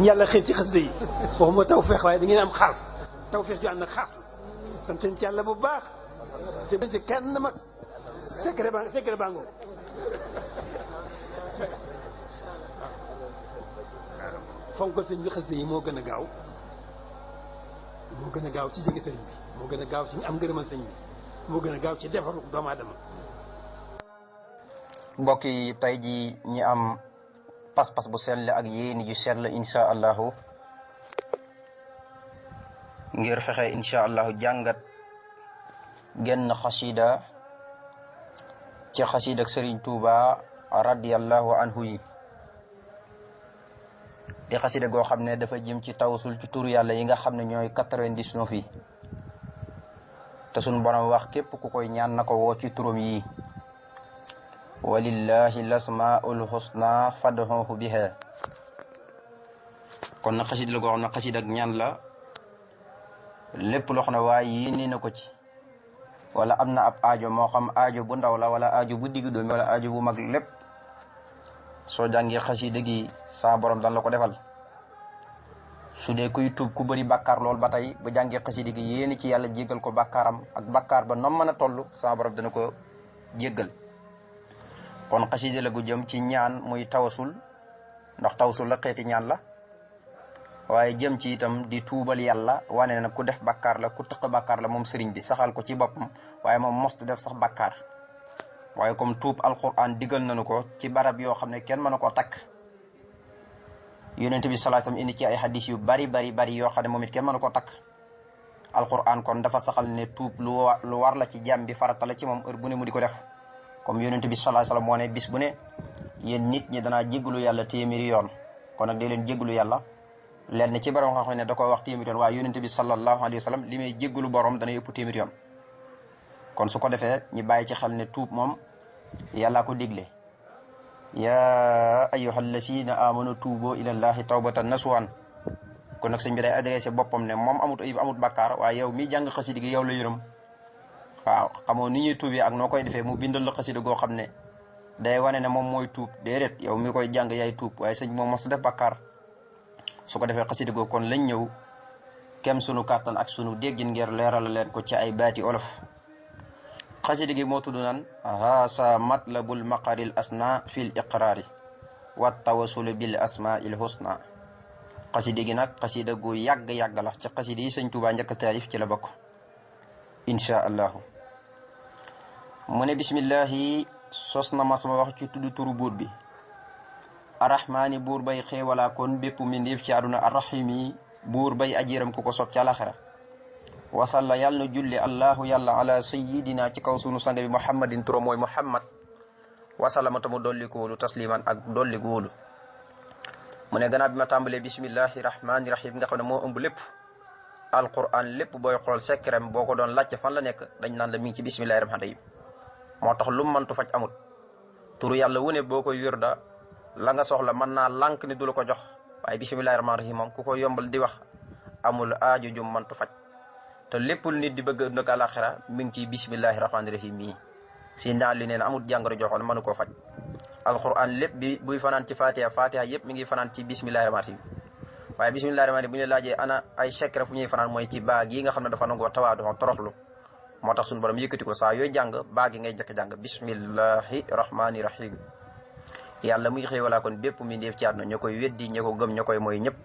ñu yàlla xëy ci xasida yi waxuma tawfeex waaye da am xaas tawfeex ju ànd ak xaas la santen ci yàlla bu baax te buñ ci kenn mag sëñ bi xasida yi moo gën a gaaw moo gën a gaaw ci jege sëñ bi moo gën a gaaw ci am ngërëmal sëñ moo gën gaaw ci defaru doomu aadama mbokk yi tey ji ñi am pas-pas bu sell ak yéen ju sell incha allahu ngir fexe incha allahu jàngat genn xasida ci xasida ak Sëriñ Tuuba radiyallahu anhu yi di xasida goo xam ne dafa jëm ci taw tawasul ci tur yàlla yi nga xam ne ñooy quatre vingt yi te sunu borom wax képp ku koy ñaan na ko woo ci turam yi walillahi lasmaul husna fadhuhu biha kon na xasid la goo xam ne ñaan la lépp loo xam ne waaye ni na ko ci wala am na ab aajo moo xam aajo bu ndaw la wala ajo bu digg doomi wala aajo bu mag lépp soo jàngee xasida gi sa borom dan la ko defal su dee kuy tub ku bari bàkkaar lool ba tey bu jàngee xasida gi yéen ci yàlla jéggal ko bàkkaaram ak bàkkaar ba noom mën a toll sa dana ko jéggal kon xasida la gu jëm ci ñaan muy tawasul ndax tawasul la xeeti ñaan la waaye jëm ci itam di tuubal yàlla wane na ku def bàkkaar la ku tëq bàkkaar la moom sëriñ bi saxal ko ci boppam waaye moom mostu def sax bàkkaar waaye comme tuub alquran digal nañu ko ci barab yoo xam ne kenn mënu koo takk yonent bi sallallahu alayhi indi ci ay hadith yu bari bari bari yoo xam ne moom it kenn mënu koo takk alquran kon dafa saxal ne tuub lu lu war la ci jàmm bi farata ci moom heure bu ne mu di ko def comme yonent bi sallallahu alayhi wasallam moo ne nit ñi danaa jéggalu yàlla téeméeri yoon kon nag leen jéggalu yàlla lenn ci borom xam wax téeméeri yoon waaye yonent bi sallallahu alayhi wasallam li may jéggalu borom dana yëpp téeméeri yoon kon su ko defee ñu bàyyi ci xel ne tuub moom yàllaa ko digle yaa ayyuha allasina amanu tuubo ilallahi tawbatan nasuhan kon nag sëñ bi day adressé boppam ne moom amut ayib amut bakkaar waaye yow mi jàng xasidi gi yow la yërëm waaw xamoo ni ñuy tuubee ak noo koy defee mu bindal la xasida goo xam ne day wane ne moom mooy tuub déedéet yow mi koy jàng yaay tuub waaye sañ moom mosu de bàkkaar su ko defee xasida goo kon lañ ñëw kem sunu kàttan ak sunu déggin ngir leeral leen ko ci ay baati olof xasida gi moo tudd nan haasa matlabul maqaril asna fil iqraari wa tawasulu bil asmail husna xasida gi nag xasida gu yàgg-yàgg la ci xasida yi sëñ Tuubaa njëkk taarif ci la bokk incha allahu mu ne bisimillahi sos na ma wax ci tudd turu buur bi arrahmaani buur bay xéewalaa kon bépp mbindéef ci àdduna arrahimi buur bay ajiram ku ko sob ci àlaxira wasalla yàlla na julli allahu yàlla ala sayidina ci kaw sunu sang bi muhammadin turam mooy muhammad wasalama tamu dolli góolu tasliman ak dolli góolu mu ne gannaaw bi ma tàmbalee bisimillahi rahmaani rahim nga xam ne moo ëmb lépp alquran lépp booy xool sekkerem boo ko doon laajte fan la nekk dañ naan la mi ci bisimillahi rahmaani moo tax lu mu mëntu faj amut turu yàlla wu ne boo koy wirda la nga soxla man naa lank ni du la ko jox waaye bisimilahi rahmaani rahim moom ku ko yombal di wax amul aajo jum mëntu faj te lépp lu nit di bëgg aduna ak àlaxira mi ngi ciy bisimilahi rahmaani rahim mii si naa li neen amul jàngoro joxoon mënu koo faj alquran lépp bi buy fanaan ci fatiha fatiha yëpp mi ngi ci bisimilahi rahmaani rahim waaye bisimilahi rahmaani rahim bu ñu laajee ana ay secret fu ñuy fanaan mooy ci baag yi nga xam ne dafa nangoo tawaadu toroxlu moo tax suñu borom yëkkati ko saa yooy jàng baagi ngay jëkk jàng bismillahi rahmaani rahim yàlla muy xëy walaa kon bépp mi ndéef ci na ña koy weddi ña ko gëm ña mooy ñëpp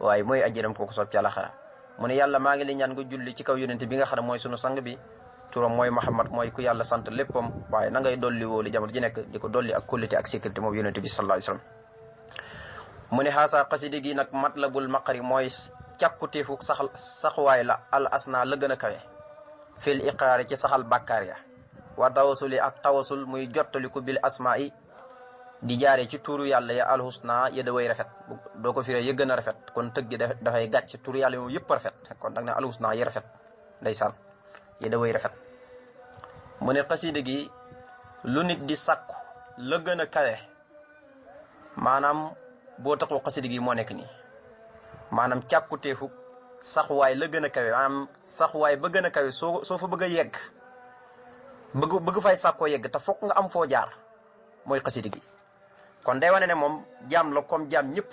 waaye mooy ajëram ko ko sob ci àlaxara mu ne yàlla maa ngi lay ñaan nga julli ci kaw yonente bi nga xam ne mooy sunu sang bi turam mooy Muhammad mooy ku yàlla sant léppam waaye na ngay dolli wóolu jamono ji nekk di ko dolli ak kóllite ak sécurité moom yonente bi sallallahu alayhi wasallam mu ne xaasa xaside gi nag matlabul maqari mooy càkkuteefu sax saxuwaay la al asna la gën a kawe fil iqraari ci saxal bàkkaar ya wa tawasuli ak tawasul muy jottaliku bil asmaa yi di jaaree ci tuuru yàlla ya alxusna ya da way rafet doo ko firee ya gën a rafet kon tëgg gi dafay gàcc tuuru yàlla moom yëpp rafet kon nag ne alxusna ya rafet day ya da way rafet mu ne xasida gi lu nit di sàkku la gën a kawe maanaam boo taxoo xasida moo nekk nii maanaam càkkuteefu saxuwaay la gën a kawe maanaam saxuwaay ba gën a kawe soo soo fa bëgg a yegg bëgg bëgg fay sàkkoo yegg te fokk nga am foo jaar mooy xasida gi kon day wane ne moom jaam la comme jaam ñëpp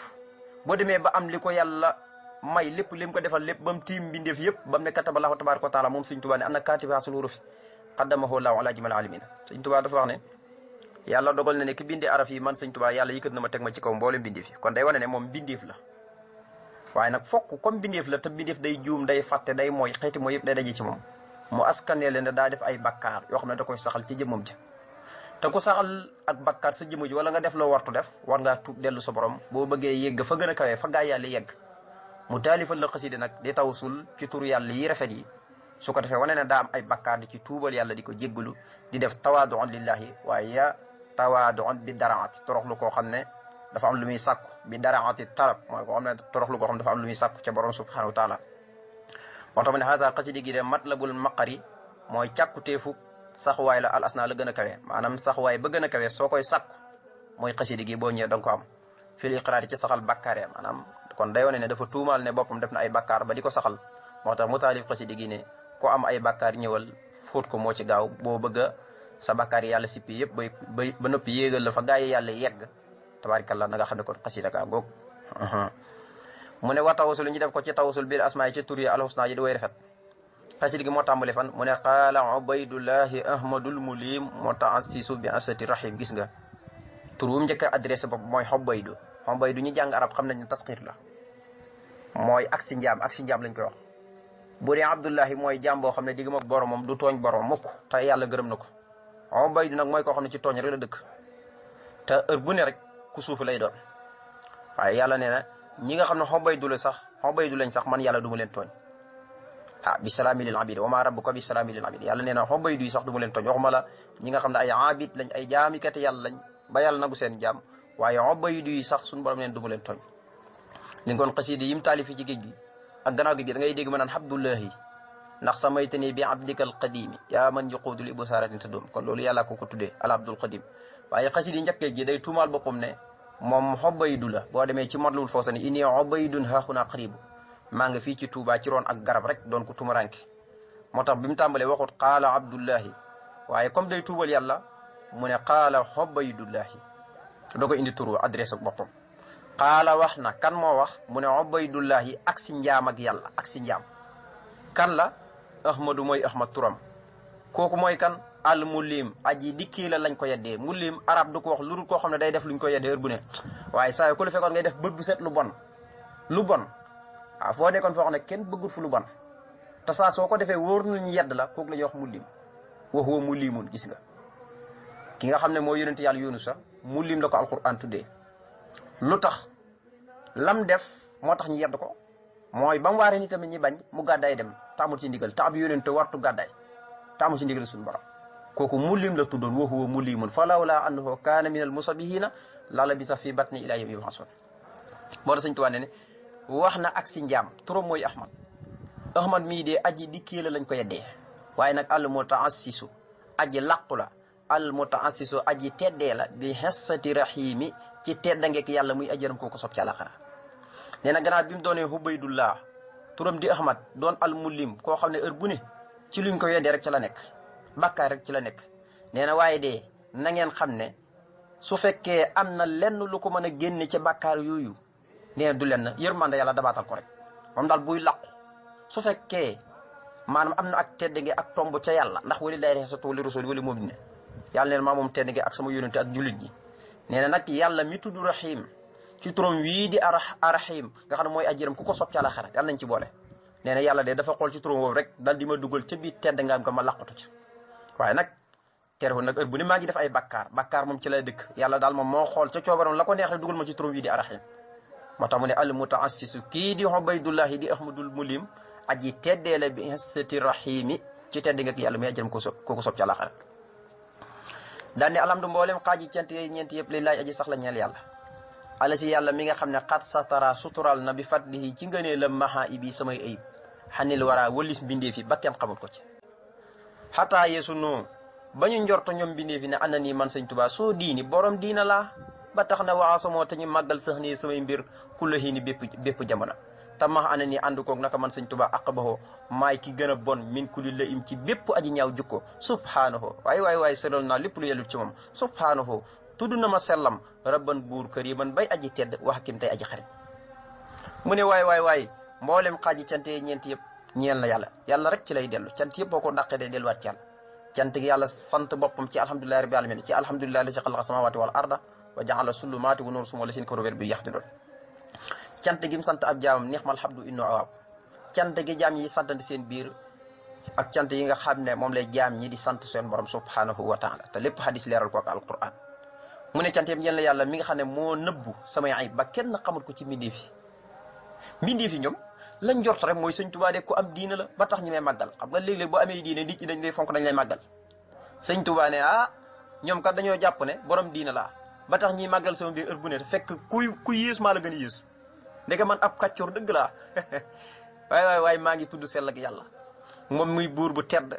boo demee ba am li ko yàlla may lépp li mu ko defal lépp ba mu tiim mbindeef yëpp ba mu ne kataba laahu tabaaraka moom Sëñ Tuubaa ne am na kaatiba asul hurufi qaddamahu laahu ala jimal alamin Sëñ Tuubaa dafa wax ne yàlla dogal na ne ki bindee araf yi man Sëñ Tuubaa yàlla yëkkat ma teg ma ci kaw mboolem mbindeef yi kon day wane ne moom mbindeef la waaye nag fokk comme bindeef la te bindeef day juum day fàtte day mooy xeeti mooy yëpp day daje ci moom mu askanee leen ne daa def ay bakkaar yoo xam ne da saxal ci jëmmam di te ku saxal ak bakkaar sa jëmm ji wala nga def loo wartu def war ngaa tuub dellu sa borom boo bëggee yegg fa gën a kawee fa gaa yàlla yegg mu taalifal la xasida nag di tawsul ci turu yàlla yi rafet yi su ko defee wane ne daa am ay bakkaar di ci tuubal yàlla di ko jéggalu di def tawaa tawaaduan lillahi waaye tawaaduan bi daraat toroxlu koo xam ne dafa am lu muy sàkku bi dara talab mooy ko xam ne toroxlu koo am lu muy sàkku ca borom subhanahu wa taala moo tax mu ne xaasa xasidi mat de matlabul maqari mooy càkkuteefu saxuwaay la al asna la gën a kawe maanaam saxuwaay ba gën a kawe soo koy sàkku mooy xasidi gi boo ñëwee danga ko am fil iqraar ci saxal bàkkaar ya maanaam kon day wone ne dafa tuumaal ne boppam def na ay bàkkaar ba di ko saxal moo tax mu taalif xasidi gi ne ko am ay bàkkaar ñëwal fóot ko moo ci gaaw boo bëgg sa bàkkaar yi yàlla sippi yëpp bay ba noppi yéegal la fa gaa yi yàlla yegg tabaarikallaa na nga xam ne kon xasida gaa ngoog mu ne wa tawasul ñu def ko ci tawasul biir asmaa yi ci tur yi alxusna yi di way rafet xasida gi moo tàmbale fan mu ne qaala ubaydullahi ahmadul mulim mutaassisu bi asati rahim gis nga tur wu njëkk a adressé bopp mooy xobaydu xobaydu ñu jàng arab xam nañ ne tasxiir la mooy ak si njaam ak si njaam lañ koy wax bu dee abdullahi mooy jaam boo xam ne digg ma boromam du tooñ borom mukk te yàlla gërëm na ko xobaydu nag mooy ko xam ne ci tooñ rek la dëkk te bu ne rek ku suuf lay doon waaye yàlla nee na ñi nga xam ne xobay du la sax xobay du lañ sax man yàlla du ma leen tooñ ah bi salaami lil abid wa ma rabbuka bi salaami lil yàlla nee na xobay du sax du ma leen tooñ waxuma la ñi nga xam ne ay abid lañ ay jaamikati yàlla lañ ba yàlla nagu seen jaam waaye xobay du sax suñu borom leen du leen tooñ li nga kon xasida yim taalifi ci géej gi a gannaaw géej gi da ngay dégg ma naan abdullahi ndax samaytani bi abdika alqadimi yaa man yuquudu li ibsaaratin tadum kon loolu yàlla ko ko tuddee al abdul qadim waaye xasida yi njëkkee gi day tuumaal boppam ne moom xobaydu la boo demee ci matlul fawsani inni xobaydun haaxuna qaribu maa ngi fii ci Tuubaa ci roon ak garab rek doon ko tumuranke moo tax bi mu tàmbalee waxut qaala abdullahi waaye comme day tuubal yàlla mu ne qaala xobaydullahi doo ko indi turu adresse ak boppam qaala wax na kan moo wax mu ne obaydullahi ak si njaam ak yàlla ak si njaam kan la ahmadu mooy ahmad turam kooku mooy kan al mulim aji dikki la lañ ko yeddee mulim arab du ko lu dul koo xam ne day def luñ ko yeddee heure bu ne waaye saa yu ku la fekkoon ngay def bët bu set lu bon lu bon waaw foo nekkoon foo xam ne kenn bëggul fu lu bon te saa soo ko defee wóor ñu yedd la kook la ñuy wax mulim wa huwa mulimun gis nga ki nga xam ne moo yonent yàlla yoonu sax mulim la ko alquran tuddee lu tax lam def moo tax ñu yedd ko mooy ba mu waaree ni tamit ñi bañ mu gàddaay dem taamul ci ndigal ta ab wartu gàddaay taamul ci ndigal suñu borom kooku mu liim la tuddoon wa huwa mullimun falawla annahu kaana min al musabihina la labisa fi batni ila yawmi yub'asun moo tax Sëñ Tuubaa ne ne wax na ak si njaam turam mooy ahmad ahmad mii de aji dikkee la lañ ko yeddee waaye nag al mutaassisu aji làqu la al mutaassisu aji teddee la bi xessati rahimi ci teddangeek yàlla muy ajaram kooku sob ci àlaxara nee na gannaaw bi mu doonee hubaydullah turam di ahmad doon mu mullim koo xam ne heure bu ne ci luñ ko yeddee rek ca la nekk makkaar rek ci la nekk nee na waaye de na ngeen xam ne su fekkee am na lenn lu ko mën a génne ci bakkaar yooyu nee na du lenn yërmande yàlla dabaatal ko rek moom daal buy làqu su fekkee maanaam am na ak tedd gi ak tomb ca yàlla ndax wali lay sa tool li rasul wali moom ne yàlla neen maa moom tedd gi ak sama yónente ak jullit ñi nee na nag yàlla mi tudd rahim ci turam wii di a arahim nga xam ne mooy ajiram ku ko sob ci àlaxara yàlla nañ ci boole nee na yàlla de dafa xool ci turam woowu rek dal di ma dugal ca biir tedd nga am ko ma làqatu ca waaye nag terewul nag bu ni ma ngi def ay bakkaar bakkaar moom ci lay dëkk yàlla daal moom moo xool ca coobaram la ko neex rek dugal ma ci turam wi di arahim moo tax mu ne al mutaassisu kii di Ubaydullahi di ahmadul mulim aji teddee la bi hissati rahimi ci tedd nga yàlla muy ajjëram ko so kooku sob ci àlaxara daan ne alhamdu mboolem xaaji cant ñeent yëpp lillaay aji sax la ñeel yàlla ala si yàlla mi nga xam ne xat satara sutural na bi fadlihi ci ngënee la maha ibi samay ayib xanil wara wëlis mbindee fi ba kenn xamul ko ci xataa yeesu noo ba ñu njorto ñoom bindeefi ne ana nii man sëñ tubaa soo diini borom diina la ba tax na waxaa samoo te ñu màggal sax nii samay mbir ku la xiini bépp bépp jamono te max ana nii ànd naka man sañ tubaa aqabaxoo maay ki gën a bon min kulli la im ci bépp aji ñaaw jukko subhaanahu waay waay waay seral naa lépp lu yellu ci moom subhaanahu tudd na ma sellam rabban buur kër yi man bay aji tedd wax kim tey aji xarit mu ne waay waay waay mboolem ka cante ñeent yëpp ñeel na yàlla yàlla rek ci lay dellu cant yëpp boo ko ndaqee day delluwaat ci yàlla cant gi yàlla sant boppam ci alhamdulillahi rabbil alamin ci alhamdulillahi lazi xalaqa samawati wal arda wa a sulumaati wa nuur suma la seen ko robeer bi yax di doon cant gi mu sant ab jaamam neex mal xabdu inno awaab cant gi jaam yi santante seen biir ak cant yi nga xam ne moom lay jaam ñii di sant seen borom subhanahu wa taala te lépp xadis leeral ko ak alquran mu ne cant yam ñeel na yàlla mi nga xam ne moo nëbbu samay ayib ba kenn xamul ko ci mbindeef yi lañ jot rek mooy sëñ Tuubaa de ku am diina la ba tax ñu may màggal xam nga léeg-léeg boo amee diine nit ñi dañ lay fonk dañ lay màggal sëñ Tuubaa ne ah ñoom kat dañoo jàpp ne borom diina laa ba tax ñuy màggal sama biir bu ne fekk kuy ku yées la gën a man ab kàccoor dëgg laa waaye maa ngi tudd sell ak yàlla moom muy buur bu tedd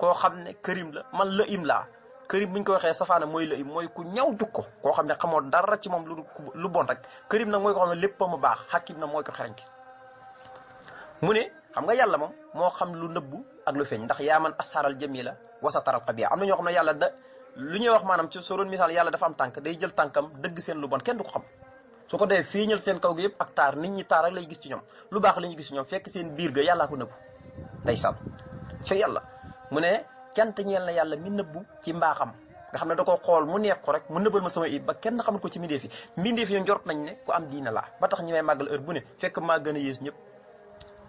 koo xam ne kërim la man la im la kërim bu ñu ko waxee safaana mooy la im mooy ku ñaw jukko koo xam ne xamoo dara ci moom lu lu bon rek kërim nag mooy ko xam ne lépp mu baax xakim na mooy ko xereñ mu ne xam nga yàlla moom moo xam lu nëbbu ak lu feeñ ndax yaa man asaaral jamila wasataral xabiya am na ñoo xam ne yàlla da lu ñuy wax maanaam ci soo doon misaal yàlla dafa am tànk day jël tànkam dëgg seen lu bon kenn du ko xam su ko defee feeñal seen kaw gi yëpp ak taar nit ñi taar ak lay gis ci ñoom lu baax la ñuy gis ci ñoom fekk seen biir ga yàllaa ko nëbbu day sàmm ci yàlla mu ne cant ñeen na yàlla mi nëbbu ci mbaaxam nga xam ne da koo xool mu neex ko rek mu nëbbal ma sama ba kenn xamul ko ci mbindeef yi mbindeef yi njort am diina laa ba tax ñi may màggal heure bu ne fekk maa gën ñëpp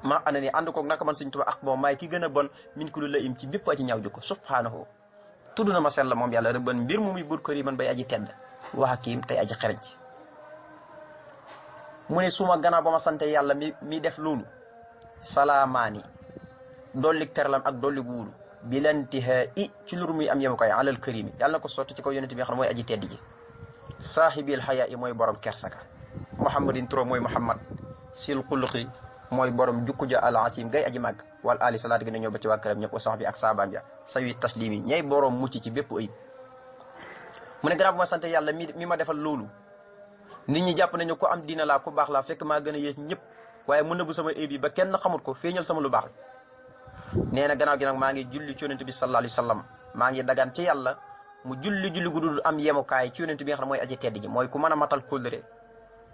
maa ànd ni ànd koog naka man Sëriñ Tuubaa ak moom maay ki gën a bon min ku lu la im ci bépp aji ñaaw jikko subhaanahu tudd na ma sell moom yàlla rëbban mbir mu muy buur kër yi man bay aji tedd wax ak kiim tey aji xereñ ci mu ne suma ganaa ba ma sante yàlla mi mi def loolu salaamaani dollik terlam ak dool dollik wuulu bilantihaa i ci lur muy am yema koy alal karimi yàlla na ko sotti ci kaw yonente bi nga xam ne mooy aji tedd ji saaxibil xayaa i mooy borom kersaka muhammadin turo mooy muhammad sil xuluqi mooy borom jukku ja al asim gay aji màgg wal ali salaat gën a ñëw ba ci waa këram ñëpp sax bi ak saabaam ja sawi taslim yi ñay borom mucc ci bépp ayib mu ne gannaaw ma sant yàlla mi mi ma defal loolu nit ñi jàpp nañu ko am diina laa ku baax laa fekk maa gën a ñëpp waaye mën na bu sama ayib ba kenn xamut ko feeñal sama lu baax nee na gannaaw gi nag maa ngi julli ci yonent bi sallallahu alayhi wa sallam maa ngi dagaan ci yàlla mu julli julli gu dul am yemukaay ci yonent bi nga xam mooy aji tedd ji mooy ku mën a matal kóllëre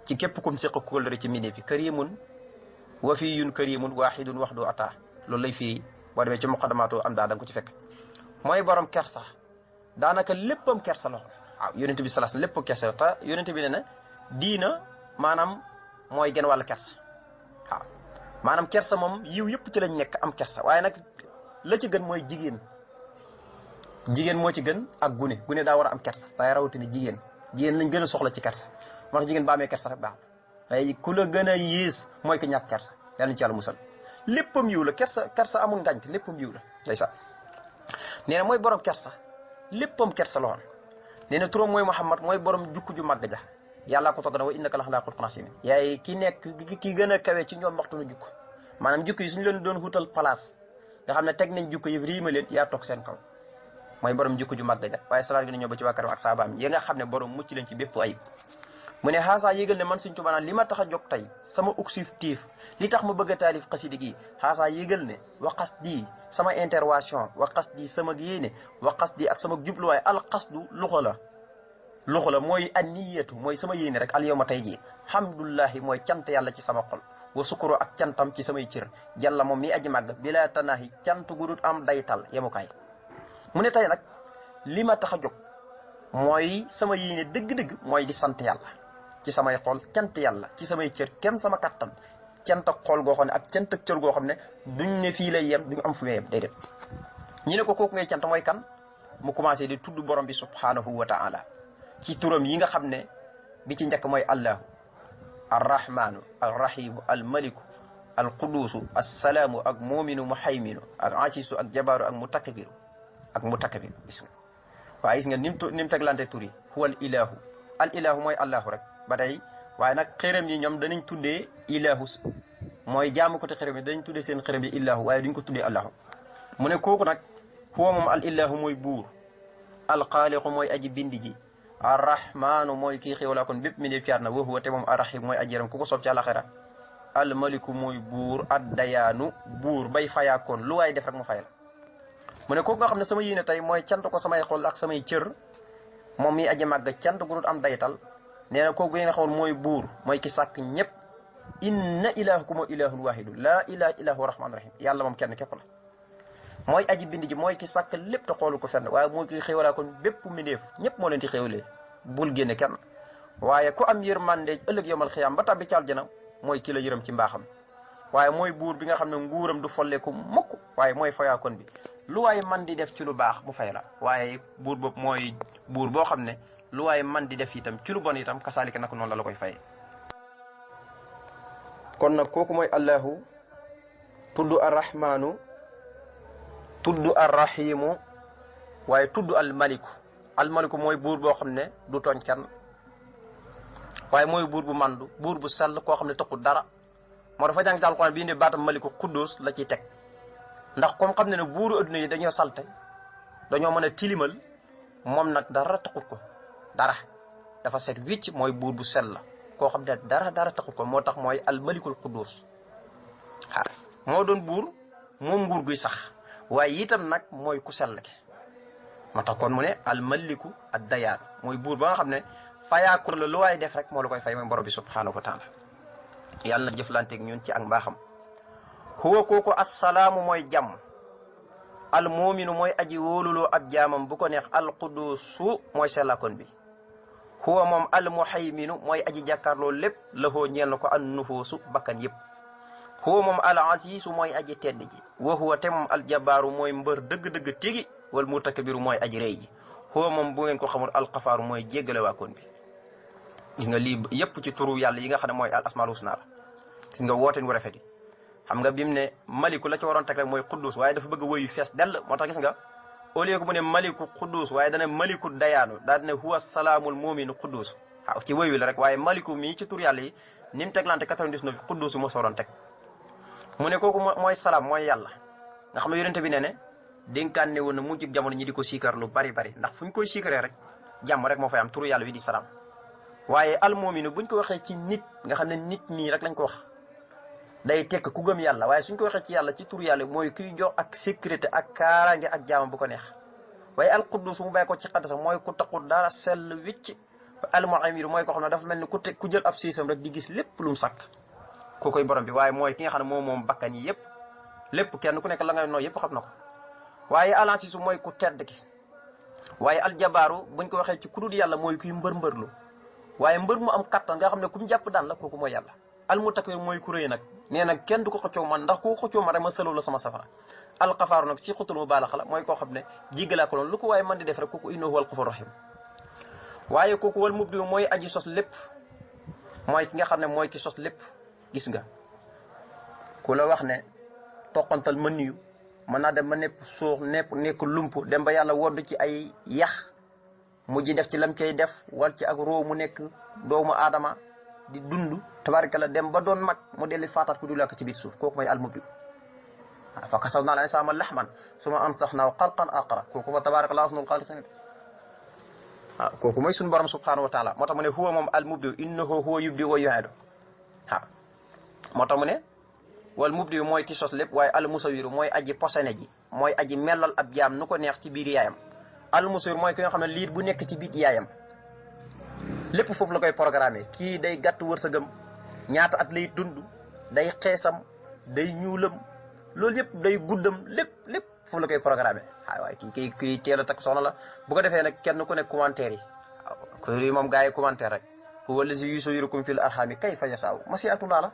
ci képp kum séq kóllëre ci mbindeef yi karimun wafiyun karimun waxidun wax du ata loolu lay fii boo demee ci muqaddamaatu am daa da nga ko ci fekk mooy borom kersa daanaka léppam kersa la waaw yonent bi salaas lépp kersa te yonent bi ne na diina maanaam mooy genn wàll kersa maanaam kersa moom yiw yëpp ci lañ nekk am kersa waaye nag la ci gën mooy jigéen jigéen moo ci gën ak gune gune daa war am kersa waaye rawatina jigéen jigéen lañ gën soxla ci kersa moo tax jigéen ba amee kersa rek baax ay ku gën a yiis mooy ko ñàkk kers yàlla ñu ci yàlla musal léppam yiw la kersa kersa amul ngànt léppam yiw la ndeysaan nee na mooy borom kersa léppam kersa lool nee na turam mooy Muhammad mooy borom jukk ju màgg ja yàllaa ko togg na wa innaka la xalaa xulqin yaay ki nekk ki gën a kawe ci ñoom waxtu na jukko maanaam jukko yi suñu leen doon wutal place nga xam ne teg nañ jukko yi leen yaa toog seen kaw mooy borom jukko ju màgg ja waaye salaat gi na ñoo ba ci waa këram ak saabaam yi nga xam ne borom mucc leen ci bépp ayib mu ne xaasaa yégal ne man suñ tubaanaan li ma tax a jóg tey sama uksif tiif li tax ma bëgg a taalif xasida gi xaasaa yégal ne waqas di sama intervention waqas di sama yéene waqas di ak sama jubluwaay alqasdu luxa la luxa la mooy anniyatu mooy sama yéene rek al ma tey jii hamdulillahi mooy cant yàlla ci sama xol wa sukuru ak cantam ci samay cër jàlla moom mi aji màgg bila tanaahi cant gudut am daytal yemukaay mu ne tey nag li ma tax a jog mooy sama yéene dëgg mooy di sant yàlla ci samay xol cant yàlla ci samay cër kenn sama kattan cant xool xol goo xam ne ak canta ak cër goo xam ne duñ ne fii lay yem duñ am fu muy ñu ne ko kooku ngay cant mooy kan mu commencé di tudd borom bi subhanahu wa ta'ala ci turam yi nga xam ne bi ci njëkk mooy allahu arrahmanu arrahimu almaliku alqudusu assalaamu ak muuminu muhayminu ak asisu ak jabaaru ak mutakabiru ak mutakabiru gis nga waaye gis nga nim nim teglante tur yi huwa al ilahu mooy allahu rek ba tey waaye nag xërëm yi ñoom danañ tuddee ilaahu mooy jaamu ko te xërëm yi danañ tuddee seen xërëm yi ilaahu waaye duñ ko tuddee allahu mu ne kooku nag huwa moom al ilaahu mooy buur alxaaliqu mooy aji bindi ji arrahmaanu mooy kii xéwlaa kon bépp mi def caat mooy aji yaram ku ko soob ci àlaxira almaliku mooy buur addayaanu buur bay fayaakoon lu waaye def rek mu fayal mu ne kooku nga xam ne sama yéene tey mooy cant ko samay xol ak samay cër moom mi aji màgg cant gu am daytal nee na kooku ngeen xamoon mooy buur mooy ki sàkk ñëpp inna ilahakum ilahun wahidu laa ilaha illa huwa rahman rahim yàlla moom kenn képp la mooy aji bind ji mooy ki sàkk lépp te xoolu ko fenn waaye mooy ki xéewalaa kon bépp mbindeef ñëpp moo leen di xéewalee bul génne kenn waaye ku am yërmande ëllëg yomal xiyaam ba tàbbi ci aljana mooy ki la yërëm ci mbaaxam waaye mooy buur bi nga xam ne nguuram du folleeku mukk waaye mooy kon bi lu waaye man di def ci lu baax mu fay la waaye buur boobu mooy buur boo xam ne lu waaye man di def itam ci lu bon itam kasaalika nag noon la la koy fay. kon nag kooku mooy allahu tudd arrahmaanu tudd arrahimu waaye tudd almaliku almaliku mooy buur boo xam ne du tooñ kenn waaye mooy buur bu màndu buur bu sell koo xam ne tëkkul dara moo dafa jàng ci alquran bii ne baatam maliku kuddus la ciy teg ndax comme xam ne ne buuru adduna yi dañoo salte dañoo mën a tilimal moom nag dara taxut ko dara dafa set wicc mooy buur bu sell la koo xam ne dara dara taxul ko moo tax mooy almalikul quddus waaw moo doon buur moom nguur guy sax waaye itam nag mooy ku sell ki ma tax kon mu ne almaliku ad dayaan mooy buur ba nga xam ne fayaakur la lu waaye def rek moo la koy fay mooy borom bi subhaanahu wa taala yàlla na jëflanteeg ñun ci ak mbaaxam huwa kooku assalaamu mooy jàmm almuuminu mooy aji wóoluloo ab jaamam bu ko neex alqudusu mooy sellakon bi huwa moom al muhayminu mooy aji jàkkaarloo lépp la ñeel na ko an nufuusu bakkan yëpp huwa moom al su mooy aji tedd ji wa huwa te moom al jabaaru mooy mbër dëgg-dëgg tigi wal mutakabiru mooy aji rey ji huwa moom bu ngeen ko xamul al mooy jéggale bi gis nga lii yëpp ci turu yàlla yi nga xam ne mooy al asmaal husna la nga wooteen wu rafet yi xam nga bi mu ne maliku la ci waroon teg mooy quddus waaye dafa bëgg wëyu fees dell moo tax nga au lieu que mu maliku quddus waaye dana maliku dayaanu daa dina huwa salaamul mumin quddus waaw ci wéy wi la rek waaye maliku mii ci tur yàlla yi ni mu teglante 99 quddus moo soo doon teg mu ne kooku mooy salaam mooy yàlla nga xam ne yonente bi nee ne dénkaan ne woon na mujj jamono ñi di ko siikar lu bari bari ndax fu ñu koy siikaree rek jàmm rek moo fay am turu yàlla wi di salaam waaye bu buñ ko waxee ci nit nga xam ne nit nii rek lañ ko wax day tekk ku gëm yàlla waaye suñ ko waxee ci yàlla ci tur yàlla mooy kiy jox ak sécurité ak kaaraange ak jaamam bu ko neex waaye alquddu su mu bàyyi ko ci xaddasa mooy ku taqul dara sell wicc almuamir mooy ko xam ne dafa mel ni ku ku jël ab siisam rek di gis lépp lu mu sàkk ku bi waaye mooy ki nga xam ne moom moom bakkan yi yëpp lépp kenn ku nekk la ngay noo yëpp xam na waaye alasiisu mooy ku tedd ki waaye aljabaaru buñ ko waxee ci ku dul yàlla mooy kuy mbër mbërlu waaye mbër mu am kattan nga xam ne ku mu jàpp daan la kooku mooy yàlla al mu mutakabbir mooy ku rëy nag nee nag kenn du ko xëccoo man ndax koo xëccoo man rek ma sëloo la sama safara alxafaaru nag si xutul mu baalax la mooy koo xam ne jiggalaa lu ko waaye man di def rek ko innahu wal xafuur rahim waaye kooku wal mubdi mooy aji sos lépp mooy ki nga xam ne mooy ki sos lépp gis nga ku la wax ne toqontal ma yu mën naa dem ba nepp suux nepp nekk lump dem ba yàlla wodd ci ay yax mu ji def ci lam cay def wal ci ak roo mu nekk doomu aadama di dund tabaarkalla dem ba doon mag mu delli faataat ku du làkk ci biir suuf kooku mooy almubdi waaw fa kasaw naa al insaana laxman suma ansaxnaahu xalqan aqra kooku fa tabaarkalla ahsanul xaaliqiin waaw kooku mooy suñu borom subhaanahu wa taala moo tax ne huwa moom almubdi innahu huwa yubdi wa mu ne wal mubdi mooy ki sos lépp waaye al musawiru mooy aji posene ji mooy aji melal ab jaam nu ko neex ci biir yaayam al musawir mooy ki nga xam ne liir bu nekk ci biir yaayam lépp foofu la koy programme kii day gàtt wërsëgam ñaata at lay dund day xeesam day ñuulam loolu yëpp day guddam lépp lépp foofu la koy programme waaye waaye kii kii kii teel a takk soxna la bu ko defee nag kenn ku ne commentaire yi waaw kii moom gars yi commentaire rek huwa allazi yusawirukum fil arhami kayfa yasaaw masiatullah la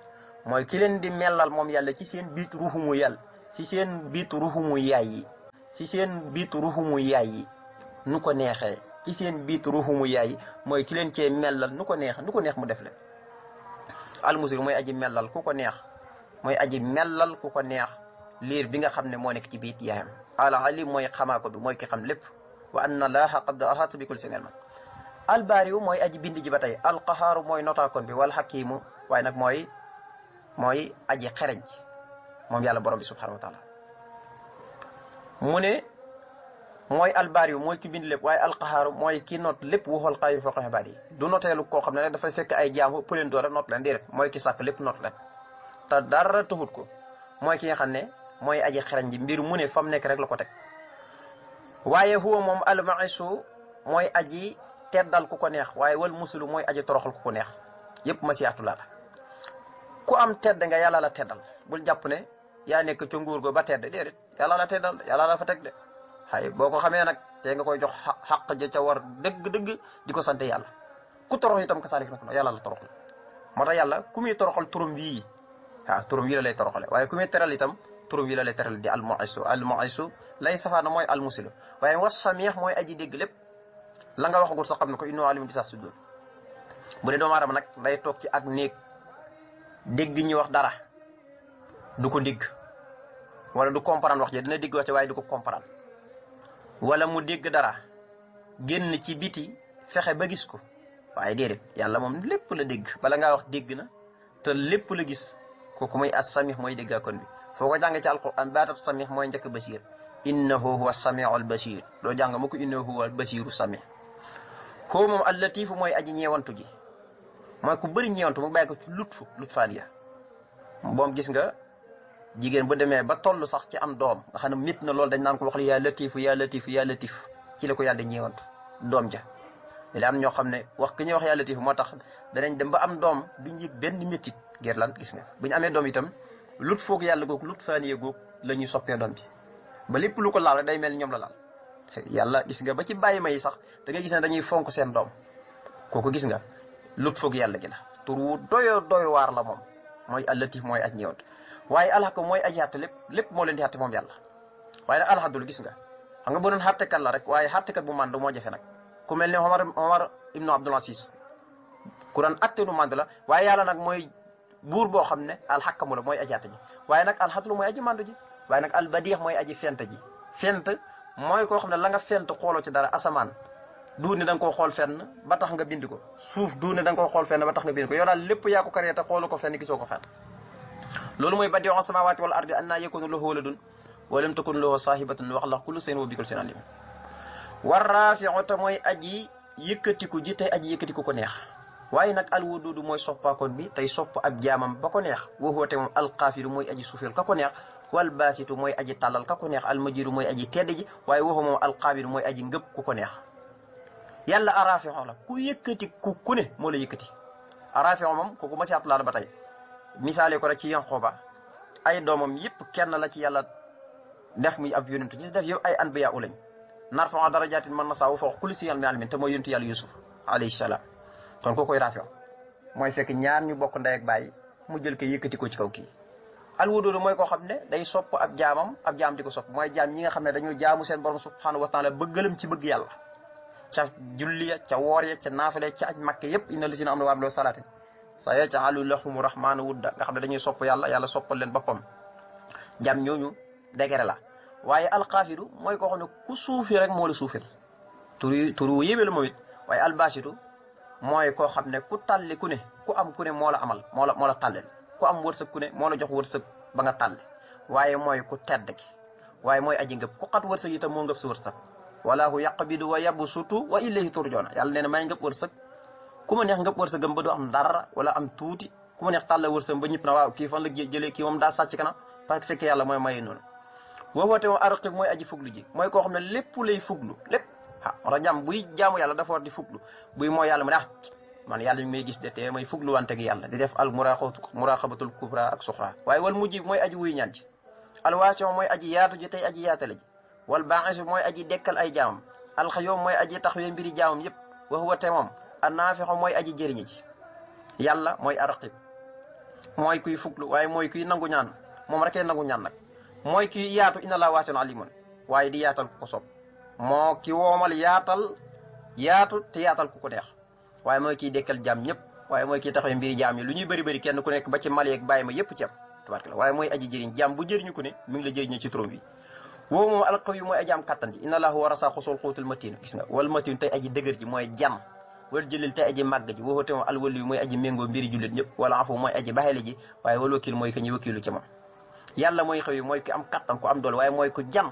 mooy ki leen di melal moom yàlla ci seen biit ruxumu yàlla ci seen biit ruxumu yaay yi ci seen biit ruxumu yaay yi nu ko neexee ci seen biit ruuxumu yaay mooy ki leen cee mellal nu ko neex nu ko neex mu def leen almusir mooy aji mellal ku ko neex mooy aji mellal ku ko neex liir bi nga xam ne moo nekk ci biit yaayam al alim mooy xamaa bi mooy ki xam lépp wa anna laaha qad ahata bi kulli shay'in ilman albaariwu mooy aji bind ji ba tey alqahaaru mooy notaakoon bi wal xakiimu waaye nag mooy mooy aji xereñ moom yàlla borom bi subhanahu wa taala mu ne mooy albaari yu mooy ki bind lépp waaye alqahaaru mooy ki noot lépp waxal xayri foo xam baat yi du noteelu koo xam ne rek dafay fekk ay jaamu ëpp leen doole noot leen déedéet mooy ki sàkk lépp noot leen te dara taxut ko mooy ki nga xam ne mooy aji xarañ ji mbir mu ne fa mu nekk rek la ko teg waaye huwa moom almaisu mooy aji teddal ku ko neex waaye wal musulu mooy aji toroxal ku ko neex yépp masiatu laa la ku am tedd nga yàlla la teddal bul jàpp ne yaa nekk ca nguur go ba tedd déedéet yàlla la teg waaye boo ko xamee nag te nga koy jox xaq ja ca war dëgg-dëgg di ko sante yàlla ku torox itam kasaalik nag yàlla la toroxal moo tax yàlla ku muy toroxal turam wii waaw turam la lay toroxale waaye ku muy teral itam turam wii la lay teral di almoisu almoisu lay safaana mooy almusilu waaye wasamix mooy aji dégg lépp la nga waxagul sax xam ne ko innahu alimun bi sudur bu dee doomu aadama nag day toog ci ak néeg dégg ñi wax dara du ko dégg wala du comprendre wax ji dina dégg wax ci waaye du ko comprendre wala mu dégg dara génn ci biti fexe ba gis ko waaye déedéet yàlla moom lépp la dégg bala ngaa wax dégg na te lépp la gis ko kooku mooy as-samih mooy déggaakoon bi foo ko jàng ca ci alquran baatab samih mooy njëkk basir innahu huwa samiul basir doo jàng mu ko innahu huwa basiru samih ko moom allatifu mooy aji ñeewantu ji mooy ku bari ñeewantu mu bàyyi ko lutfu lutfaan ya moom gis nga jigéen bu demee ba toll sax ci am doom nga xam ne mit na loolu dañ naan ko wax la yaa latifu yaa latifu yaa latif ci la ko yàlla ñëwant doom ja li ñoo xam ne wax ki ñuy wax yaa latifu moo tax danañ dem ba am doom duñ yëg benn métit ngir gis nga bu ñu amee doom itam lut foog yàlla googu lut faaniyee googu soppee doom bi ba lépp lu ko laal day mel ñoom la yàlla gis nga ba ci bàyyi ma sax da ngay gis ne dañuy fonk seen doom kooku gis nga lut foog yàlla gi na tur wu doyo doy waar la moom mooy àllatif mooy ak ñëwant waaye alxaku mooy aji àtte lépp lépp moo leen di àtte moom yàlla waaye nag alxadul gis nga xam nga bu doon àttekat la rek waaye àttekat bu mànd moo jafe nag ku mel ne Omar Omar ibnu Abdul Aziz ku doon àtte lu mànd la waaye yàlla nag mooy buur boo xam ne alxakamu la mooy aji àtte ji waaye nag alxadul mooy aji màndu ji waaye nag albadix mooy aji fent ji fent mooy koo xam ne la nga fent xooloo ci dara asamaan duune da nga xool fenn ba tax nga bind ko suuf duune ko yow daal lépp yaa ko karee te xoolu ko loolu mooy badiu samawati wal ardi anna yakunu lahu waladun wa lam takun lahu sahibatun wax la kullu seen wa bikul seen alim war raafiu te mooy aji yëkkatiku ji ko neex waaye nag al wududu mooy soppaakoon bi tey sopp ab jaamam ba ko neex waxoo mooy aji suufeel ka ko wal baasitu mooy aj tàllal ka ko neex al majiru mooy aji tedd ji waaye waxoo moom alxaabiru mooy aji ngëb ko ko neex yàlla arafixon la ku yëkkati ku ku moo la yëkkati arafixon moom kooku ma si ab ba tey misaale ko rek ci Yanqooba ay doomam yëpp kenn la ci yàlla def muy ab yonentu ñi si def yëpp ay anbiya ulañ narfa'u darajaatin man nashaa'u fawqa kulli zii ilmin aliim te mooy yonentu yàlla Yuusuf alayhi salaam kon mooy fekk ñaar ñu bokk ndey ak baay mu jël ko yëkkati ko ci kaw kii. alwududu mooy koo xam ne day sopp ab jaamam ab jaam di ko sopp mooy jaam ñi nga xam ne dañoo jaamu seen borom subhaanahu wa taala bëggalam ci bëgg yàlla ca julli ya ca woor ya ca naafale ca aj Makka yëpp inna si na wa amilu salaati sa yajaalu lahumu rahmaanu wudda nga xam ne dañuy sopp yàlla yàlla soppal leen boppam jam ñooñu degere la waaye alxaafiru mooy koo xam ne ku suufi rek moo la suufil turu turu yéeme la moom it waaye albasitu mooy koo xam ne ku tàlli ku ne ku am ku ne moo la amal moo la moo la tàllil ku am wërsëg ku ne moo la jox wërsëg ba nga tàlli waaye mooy ku tedd ki waaye mooy aji ngëb ku xat wërsëg itam moo ngëb si wërsëg walaahu yaqbidu wa yabsutu wa ilayhi turjoona yàlla nee na may ku ma neex nga wërsëgam ba du am dara wala am tuuti ku ma neex tàlla wërsëgam ba ñëpp na waaw kii fan la jëlee kii moom daa sàcc kana parce que fekkee yàlla mooy maye noonu woowote moom araqib mooy aji fuglu ji mooy koo xam ne lépp lay fuglu lépp ah moo tax jàmm ah, mbiri jaamam yëpp waxuwa te annaafiqu mooy aji jëriñu ji yàlla mooy araqib mooy kuy fuglu waaye mooy kuy nangu ñaan moom rekee nangu ñaan nag mooy kuy yaatu inna laa waasiun alimun waaye yaatal ku ko soob moo ki woomal yaatal yaatu te yaatal ku ko deex waaye mooy kiy dekkal jaam ñëpp waaye mooy kiy taxawee mbiri jaam yi lu ñuy bëri bëri kenn ku nekk ba ci Mali ak bàyyi ma yëpp ci am tabarkalla waaye mooy aji jëriñ jaam bu jëriñu ko ne mi ngi la jëriñoo ci turam bi woowu moom alqawi mooy aji am kattan ji inna laahu warasa xusul xuutul matin gis nga wal matin tey aji dëgër ji mooy jan wal jëlil te aji màgg ji woote moom alwali yi mooy aji méngoo mbiri waaye wal wakil mooy ka ñu wakilu ci moom yàlla mooy xew yi mooy ku am kattan ku am doole waaye mooy ku jam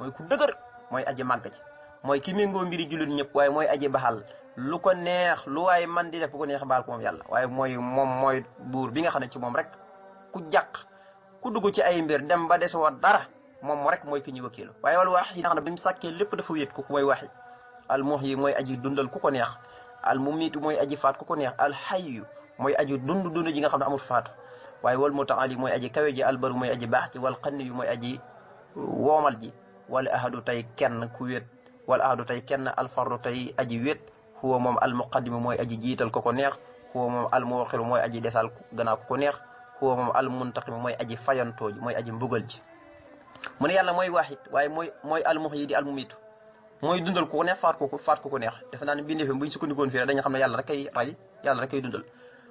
mooy ku dëgër mooy aji màgg ji mooy ki méngoo mbiri jullit ñëpp waaye mooy aji baxal lu ko neex lu waaye man di def ko neex baal ko waaye mooy moom mooy buur bi nga xam ne ci moom rek ku jàq ku dugg ci ay mbir dem ba des wa dara moom rek mooy ki ñu wakilu waaye wal waax yi nga xam bi mu sàkkee lépp dafa wéet ku ko mooy waax yi al muhyi mooy aji dundal ku ko neex al mumitu mooy aji faat ku ko neex al xayyu mooy aji dund dund ji nga xam ne amut faatu waaye wal mutaali mooy aji kawe ji albaru mooy aji baax ji wal xanni yu mooy ji wala ahadu tey kenn ku wét wala ahadu tay kenn al alfardu tey aji wét huwa moom almuqaddimu mooy aji jiital ko ko neex huwa moom almuwaxiru mooy aji desal gannaaw ko ko neex huwa moom almuntaqimu mooy aji fayantoo mooy aji mbugal ji mu ne yàlla mooy waaxit waaye mooy mooy almuhyi di almumitu mooy dundal ko neex faat ko ko faat ko ko neex defe naa ne bindee fi buñ sukkandikoon fii rek dañu xam dundal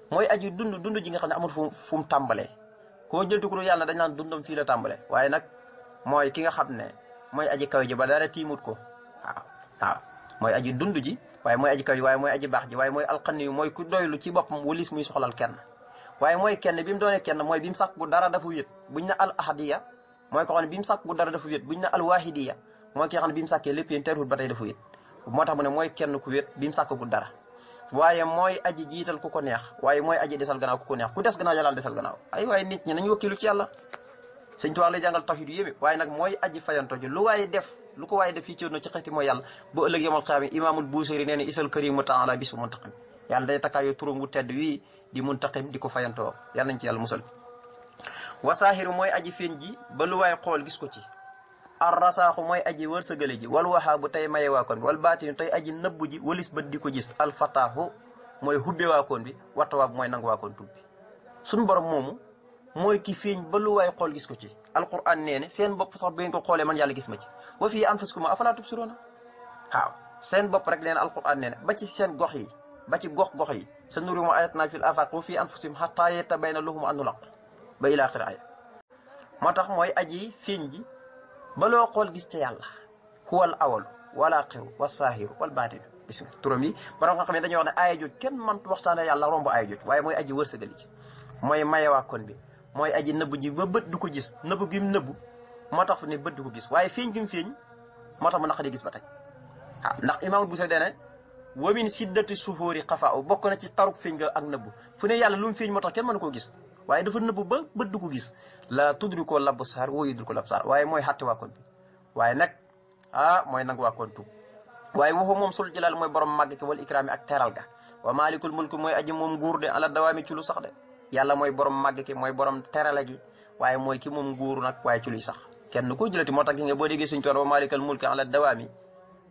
mooy aji dund dund ji nga xam ne amul fu fu mu tàmbalee koo jël tukuru yàlla dañ naan dundam fii la tàmbale waaye nag mooy ki nga xam ne mooy aji kaw ji ba dara tiimut ko waaw mooy aji dund ji waaye mooy aji kaw ji waaye baax ji waaye mooy alxani yu mooy ku doylu ci boppam walis muy soxlal kenn waaye mooy kenn bi mu doonee kenn mooy bi mu sàkku dara dafa wét buñ na al ahadiya mooy ko xam bi mu sàkku dara dafa wét buñ na al wahidiya mooy ki nga xam ne bi mu sàkkee lépp yéen ba tey dafa wéet moo tax mu ne mooy kenn ku wéet bi mu sàkkagul dara waaye mooy aji jiital ku ko neex waaye mooy aji desal gannaaw ku ko neex ku des gannaaw yàlla desal gannaaw ay waaye nit ñi nañu wakkilu ci yàlla mooy aji fayanto ji lu waaye def lu ko waaye def fii ci na ci xëti mooy yàlla ba ëllëg yamal xiyaama imaamul Buusiri nee na isal karimu taala bisu muntaqim yàlla day takkaayoo turam wu tedd wii di muntaqim di ko fayantoo yàlla nañ ci yàlla musal wasaahiru mooy aji feeñ ji ba lu waaye xool gis ko ci ar rasaaxu mooy aji wërsëgale ji wal waxaabu tey maye waakoon bi wal baatinu tey aji nëbbu ji walis bët di ko gis alfataaxu mooy hubbe waakoon bi wattawaab mooy nangu waakoon tubbi suñu borom moomu mooy ki xool gis ko ci alquran nee ne seen bopp sax bu ngeen ko xoolee man yàlla gis ma ci wa fii anfusikum afalaa tubsiruuna waaw seen bopp rek leen alquran nee ne ba ci seen gox yi ba ci gox gox yi sa nurihim ayatina fil afaq wa fii anfusihim hattaa yatabayyana lahum annahul haqq ba ilaa aaxiri aaya moo tax mooy aji feeñ ji ba xool gis ca yàlla huwal awalu wal axiru wa saahiru wal baatinu gis nga turam yi borom xam-xam yi dañuy wax ne aaya jooj kenn mënut waxtaane yàlla romb aaya jooj waaye mooy aji wërsëgali ci waa mayewaakoon bi mooy aji nëbb ji ba bët du ko gis nëbb gi mu nëbb moo tax ne bët du ko gis waaye feeñ gi mu moo tax mu naq di gis ba tey ah ndax imaamul Buusiri dana wa min siddati suhóori xafaa bokk na ci taruk feeñ nga ak nëbb fu ne yàlla lu mu moo tax kenn mënu koo gis waaye dafa nëbb ba bët du ko gis la tudri ko lab saar woo yudri ko lab waaye mooy xatti waa kontu waaye nag ah mooy nag waa kontu waaye waxu moom sul jalaal mooy borom màgg ki wal ikraami ak teral ga wa maalikul mulki mooy aji moom nguur ala dawaami ci lu sax de borom màgg ki mooy borom terale gi waaye mooy ki moom nguur nag waaye ci luy sax kenn koo jëlati moo tax ki nga boo déggee suñ toon wa maalikal mulki ala dawaami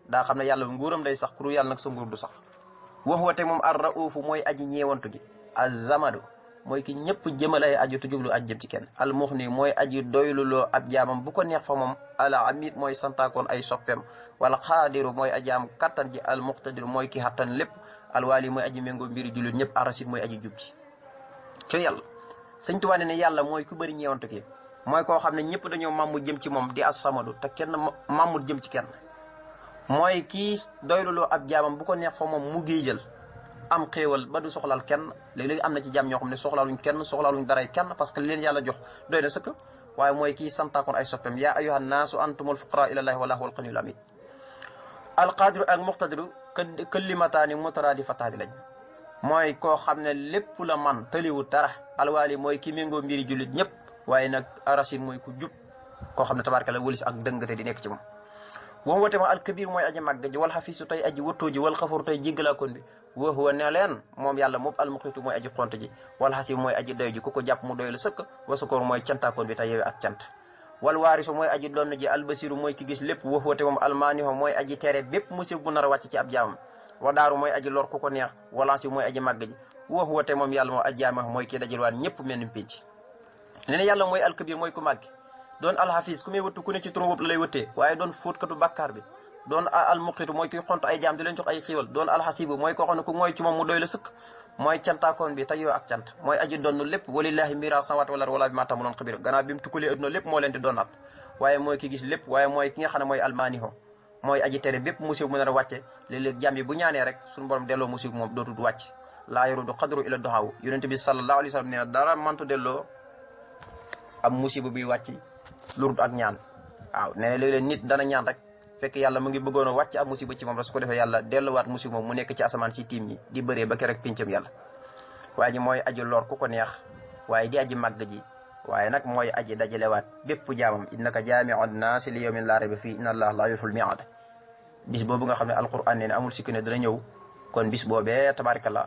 daa xam ne yàlla nguuram day sax pour yàlla sa nguur du sax wax wa te moom ar raufu mooy aji ñeewantu gi azamado mooy ki ñëpp jëmal ay aju te jublu aj jëm ci kenn al muxni mooy aji doyluloo ab jaamam bu ko neex fa moom al amid mooy santaakoon ay soppeem wala xaadiru mooy ajaam kattan ji al muqtadir mooy ki xattan lépp al waali mooy aji méngoo mbiri jullit ñëpp arasit mooy aji jub ji ci yàlla ne yàlla mooy ku bëri ñeewantu ki mooy koo xam ne ñëpp dañoo màmmu jëm ci moom di as samadu te kenn màmmul jëm ci kenn kii doyluloo ab jaamam bu ko neex fa moom mu géejal am xéewal ba du soxlaal kenn léeg-léeg am na ci jàmm ñoo xam ne soxlaaluñ kenn soxlaaluñ daray kenn parce que leen yàlla jox doy na sëkk waaye mooy ki kii santaakoon ay soppeem yaa ayuha naasu antumul fuqara ilallahi wala huwal qaniyul amin alqadiru ak muqtadiru kalimataani mutaraadifataani lañ mooy koo xam ne lépp la man tëliwu dara alwaali mooy ki méngoo mbiri jullit ñëpp waaye nag arasin mooy ku jub koo xam ne tabaarkalla wëlis ak dëngate di nekk ci moom wa huwa tama alkabir mooy aji màgg ji wal xafisu aji wëttoo wal xafur tey bi wa huwa moom yàlla moom aji xont mooy ko jàpp mu doy la wa huwa tamam almaaniho mooy aji tere bépp musib bu nar ko neex walance bi mooy aji màgg ji wa huwa te moom yàlla moom aji jaamam mooy kii dajalwaan ñëpp mel ni pénc nee yàlla mooy alkabir mooy ku màgg doon alxafis ku wëttu ku ne ci turam boobu lay wëttee waaye doon fóotkatu bàkkaar bi doon almuqitu mooy kuy xont ay jaam di leen jox ay xiiwal doon alxasibu mooy koo xam ne ku mooy ci moom bi lépp walillahi mira samawaat wala wala bi maatamu noon xabir gannaaw bi mu tukkulee adduna lépp moo leen di doonaat waaye mooy ki gis lépp waaye mooy ki nga xam ne mooy almaaniho mooy aji tere bépp a wàcce léeg-léeg jaam bu ñaanee rek suñu borom delloo musiba moom dootul wàcc laa yarudu xadru ila doxaawu yonente bi sallallahu alayhi wa sallam nee na dara mantu delloo am musiba bi wàcc lurut ak ñaan waaw nee na léeg-léeg nit dana ñaan rek fekk yàlla mu ngi bëggoon a wàcc a musiba ci moom rek su ko defee yàlla delluwaat musiba moom mu nekk ci asamaan si tiim ñi di bëree ba keroog pincam waaye ji mooy aji lor ku ko neex waaye di aji màgg ji waaye nag mooy aji dajalewaat bépp jaamam innaka jaamiun naasi li yawmin laa rayba fii inna allaha laa yuxliful mii'aad bis boobu nga xam ne alquran nee na amul sikki ne dana ñëw kon bis boobee tabaarikallaa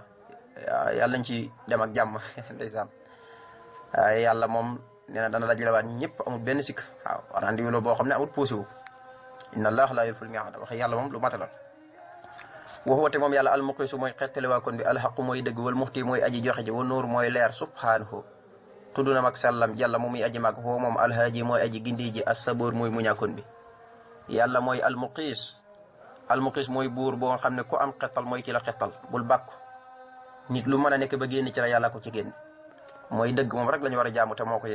yàlla nañ ci dem ak jàmm ndeysaan yàlla moom nee na dana dajalewaat ñëpp amul benn sikk waaw rendez-vous boo xam ne amul posé wu inna allah laa yulful mii'aad waxe yàlla moom lu matala wax wate moom yàlla almuqisu mooy xettale waa kon bi alxaqu mooy dëgg wal muxti mooy aji joxe ji wa nuur mooy leer subhaanahu tudd na mag sàllam jàlla mu muy aji mag foo moom alhaaji mooy aji gindi ji assaboor mooy muñaakoon bi yàlla mooy almuqis almuqis mooy buur boo xam ne ko am xettal mooy ki la xettal bul bàkku nit lu mën a nekk ba génn ci la yàlla ko ci génn mooy dëgg moom rek lañu war a jaamu te moo ko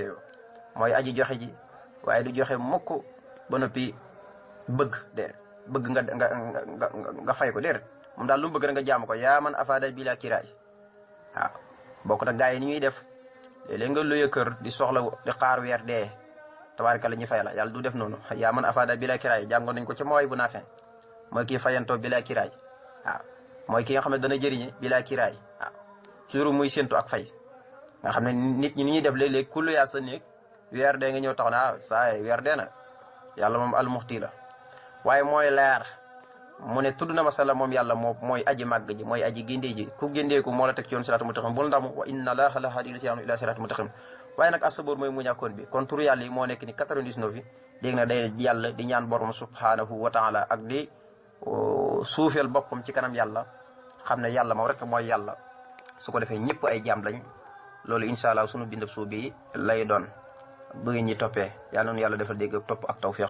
mooy aji joxe ji waaye du joxe mukk ba noppi bëgg déer bëgg nga nga nga fay ko déer moom daal lu bëgg rek nga jaamu ko yaa man afaada bi la kiraay waaw bokkut ak gaa yi ni ñuy def léeg nga luye kër di soxla di weer dee la ñuy fay la yàlla du def noonu yaa man afaada bi la kiraay jàngoon nañ ko ci maway bu naafee mooy kii fayantoo bi la kiraay mooy ki nga xam ne dana jëriñe bi la kiraay suuru muy séntu ak fay nga xam ne nit ñi ni ñuy def léeg-léeg ku lu yaa sa néeg weer dee nga ñëw tax na ah, saa weer dee na yàlla moom almuxti la waaye mooy leer mu ne tudd na masala moom yàlla moo mooy aji màgg ji mooy aji gindee ji ku moo la teg yoon siraatu mustaqim bul ndamu wa inna laaha laa haadii ilaa siraatu mustaqim waaye nag asaboor mooy mu ñàkkoon bi kon turu yàlla yi moo nekk ni 99 yi dégg na day yàlla di ñaan borom subhanahu wa taala ak di suufeel boppam ci kanam yàlla xam ne yàlla moom rek mooy yàlla su ko defee ñëpp ay jaam lañ loolu incha allah sunu bindab suuf bi lay doon bëgg ñi toppee yàlla na yàlla defal dégg topp a ak tawféex